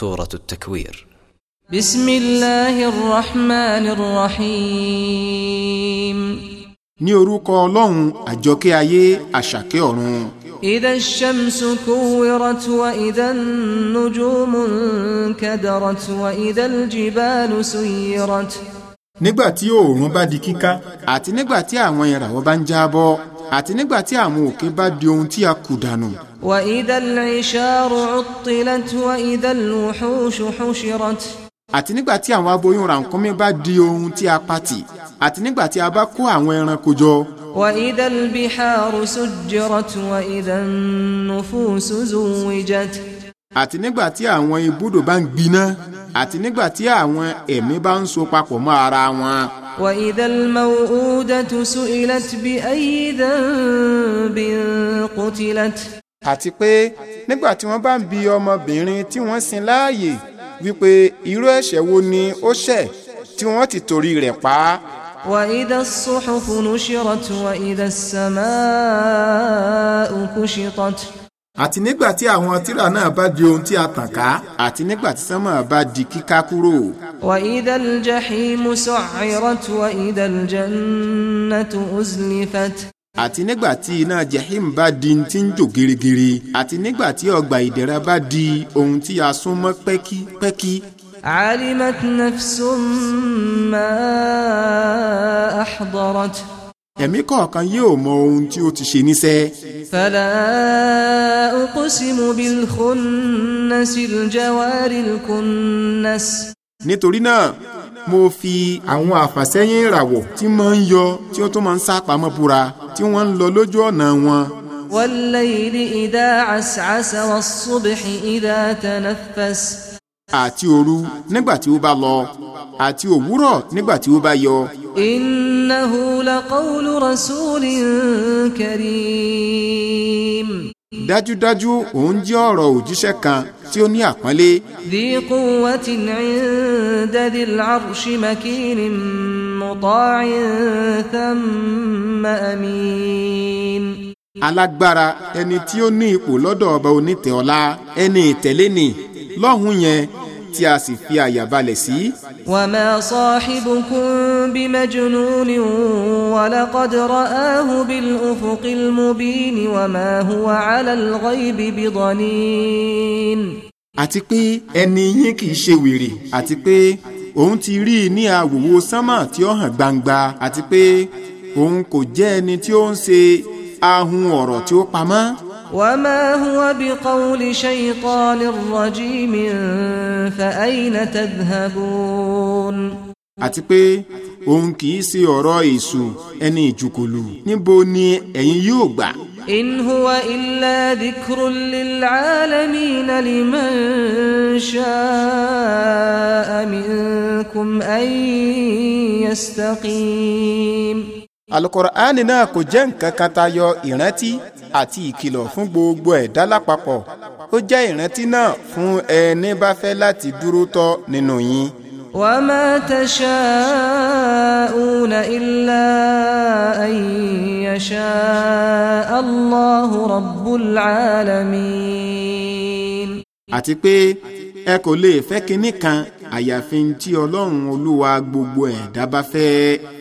سورة التكوير بسم الله الرحمن الرحيم ní orúkọ ọlọ́run àjọkẹ́ ayé àṣàkẹ́ ọ̀run. إذا الشمس كورت وإذا النجوم انكدرت وإذا الجبال سيرت. nígbà tí oòrùn bá di kíká àti nígbà tí àwọn ìràwọ̀ bá ń jábọ́ àti nígbà tí àwọn òkè bá di ohun tí a kù dànù. wà ìdá al-isharu uttilat wà ìdá al-wuhushu hushirat. àti nígbà tí àwọn aboyún rànkúnmí bá di ohun tí a pati àti nígbà tí a bá kó àwọn ẹranko jọ. wà ìdá al-biharu sujjirat wà ìdá an-nufusu zuwijat. àti nígbà tí àwọn ibùdó bá ń gbiná àti nígbà tí àwọn ẹ̀mí bá ń so papọ̀ mọ́ ara wọn. وإذا الموءودة سئلت بأي ذنب قتلت àti pé nígbà tí wọ́n bá ń bi ọmọbìnrin tí wọ́n sin láàyè wípé irú ẹ̀ṣẹ̀ wo ni ó ṣẹ̀ tí wọ́n ti torí rẹ̀ pa á. وإذا الصحف نشرت وإذا السماء كشطت àti nígbà tí àwọn tírà náà bá di ohun tí a tàn ká àti nígbà tí sánmà bá di kíká kúrò. wa idhal jahimu su'irat wa idhal jannatu uzlifat. àti nígbà tí iná jahim bá di ti ń jò girigiri àti nígbà tí ọgbà ìdẹ̀ra bá di ohun tí a sún mọ́ pẹ́kípẹ́kí. alimat nafsum ma ahdarat ẹ̀mí kọ̀ọ̀kan yóò mọ ohun tí ó ti ṣe níṣẹ́. fàlà uqsimu bil khunnasil jawaril kunnas. nítorí náà mo fi àwọn àfàsẹ́yìn ìràwọ̀ tí máa ń yọ tí ó tún máa ń sá pamọ́ búra tí wọ́n ń lọ lójú ọ̀nà wọn. wal-layli idha as'asa was-subhi idha àti òru nígbà tí ó bá lọ àti òwúrọ̀ nígbà tí ó bá yọ. إنه لقول رسول كريم dájúdájú òun jẹ́ ọ̀rọ̀ òjíṣẹ́ kan tí ó ní àpọ́nlé. ذي قوة عند ذي العرش مكين مطاع ثم أمين. alágbára ẹni tí ó ní ipò lọ́dọ̀ ọba onítẹ̀ ọlá ẹni ìtẹ̀lé ni lọ́hùn yẹn tí a sì fi àyà balẹ̀ sí. وما صاحبكم بمجنون ولقد رآه بالأفق المبين وما هو على الغيب بضنين àti pé ẹni yín kì í ṣe wèrè àti pé òun ti rí i ní àwòwò sánmà tí ó hàn gbangba àti pé òun kò jẹ́ ẹni tí ó ń ṣe ahun ọ̀rọ̀ tí ó pamọ́. وما هو بقول شيطان رجيم فأين تذهبون. àti pé òun kì í ṣe ọ̀rọ̀ èṣù ẹni ìjùkòlù níbo ni ẹ̀yin yóò gbà. in huwa illa dhikrun lil alamin liman sha'a minkum an yastaqim. Al-Qur'ani náà kò jẹ́ nǹkan kan tayọ ìrántí àti ìkìlọ̀ fún gbogbo ẹ̀dá lápapọ̀ ó jẹ́ ìrántí náà fún ẹni bá fẹ́ láti dúró tọ́ nínú yín وما تشاءون إلا أن يشاء الله رب العالمين àti pé ẹ kò lè fẹ́ kinní kan àyàfi tí ọlọ́run olúwa gbogbo ẹ̀dá bá fẹ́.